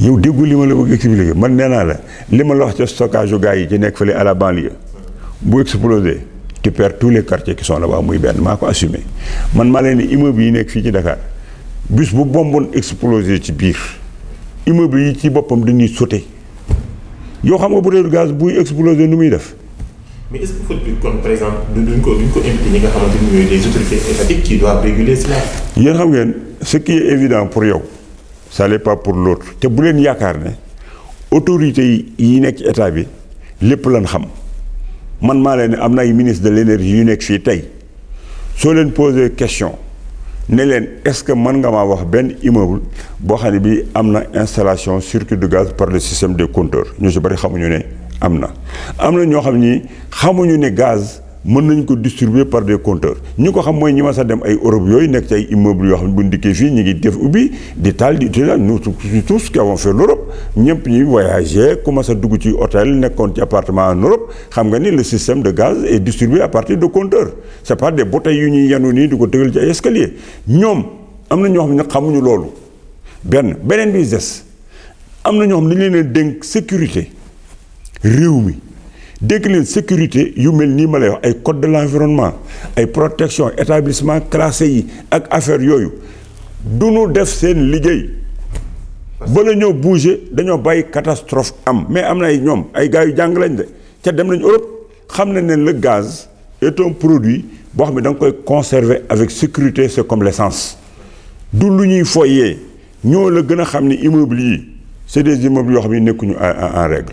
yow déggu li ma la bëgg expliqué man nee naa la li ma la wax ca stockage yu gars yi ci nekk fële à la banlieue bu explosé tu perds tous les quartiers qui sont là-bas muy benn maa ko assumé man maa leen ni immeuble yi nekk fii ci Dakar bus bu bomboon explosé ci biir immeuble yi ci boppam dañuy sauté yow xam nga bu dee gaz buy explosé nu muy def. mais est-ce que faut bi kon par exemple duñ ko duñ ko impliquer nga xamante ni ñooy des autorités étatiques qui doivent réguler cela. yéen xam ngeen ce qui est évident pour yow ça l'est pas pour l'autre te bu leen yaakaar ne autorités yi nekk ci état bi lépp lan xam man maa leen ne am ministre de l'énergie yu nekk fii tey soo leen posé question ne est-ce que mën nga maa wax benn immeuble boo xam ne bii installation circuit de gaz par le système de compteur ñu si bari xamuñu ne am na am na ñoo xam ni xamuñu ne gaz mën nañ ko distribuer par des compteurs ñu ko xam mooy ñi ma dem ay Europe yooyu nekk ci ay immeubles yoo xam bu des fii ngi def ubbi di taal di nous avons fait l'Europe ñëpp ñuy voyager commencé dugg ci ci en Europe xam nga ni le système de gaz est distribué à partir de compteurs c'est pas des bouteilles yu yanu nii di ko ci ay escalier ñoom am na ñoo xam ne xamuñu des am na xam sécurité dégg sécurité il mel a ma lay ay code de l'environnement ay protection établissement classé yi ak affaire devons du nu def seen liggéey ba la ñoo bouger catastrophe mais nous na ay ñoom ay gars yu jàng lañ de ca dem nañ le gaz est un produit qui xam conservé da avec sécurité c'est comme l'essence Nous lu ñuy foyee ñoo la gën a c'est des immeubles qui xam en règle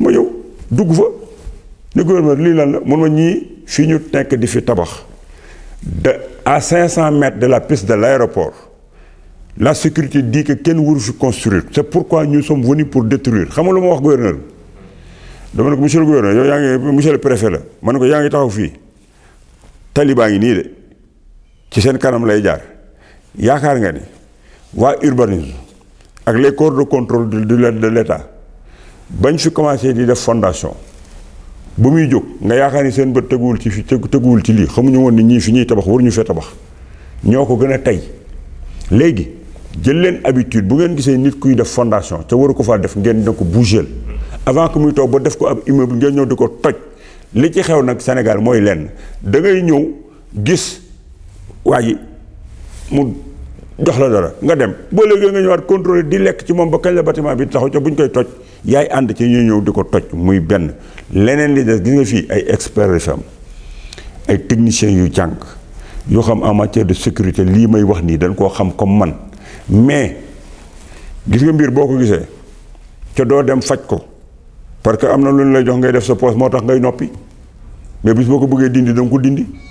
ma ñëw dugg fa ne gouvernement lii lan la mun ma ñii fi ñu di fi tabax de à 500 mètres de la piste de l'aéroport la sécurité dit que kenn waru fi construire c'est pourquoi nous sommes venus pour détruire xam nga lu ma wax gouverneur dama ne ko monsieur le gouverneur yow yaa ngi monsieur le préfet la ma ne ko yaa ngi taxaw fii talibaa ngi nii de ci seen kanam lay jaar yaakaar nga ni waa urbanisme ak les corps de contrôle de de l'État bañ su commencé di def fondation bu muy jóg nga yaakaar ni seen bët teguwul ci fi teguwul ci lii xamuñu woon ni ñii fi ñuy tabax waruñu fee tabax ñoo ko gën a tey léegi jël leen habitude bu ngeen gisee nit kuy def fondation te waru ko faa def ngeen dina ko bougeel avant que muy toog ba def ko ab immeuble ngeen ñëw di ko toj li ci xew nag Sénégal mooy lenn da ñëw gis waa mu dox la dara nga dem bo legge nga ñëwaat contrôler di lek ci mom ba kañ la bâtiment bi taxaw ci buñ koy toj yaay and ci ñu ñëw diko toj muy ben leneen li def gis nga fi ay expert fi ay technicien yu jàng yu xam en matière de sécurité li may wax ni, dañ ko xam comme man mais gis nga mbir boko gisé ci do dem fajj ko parce que am luñ lay jox ngay def sa poste motax ngay nopi mais bis boo ko dindi dañ ko dindi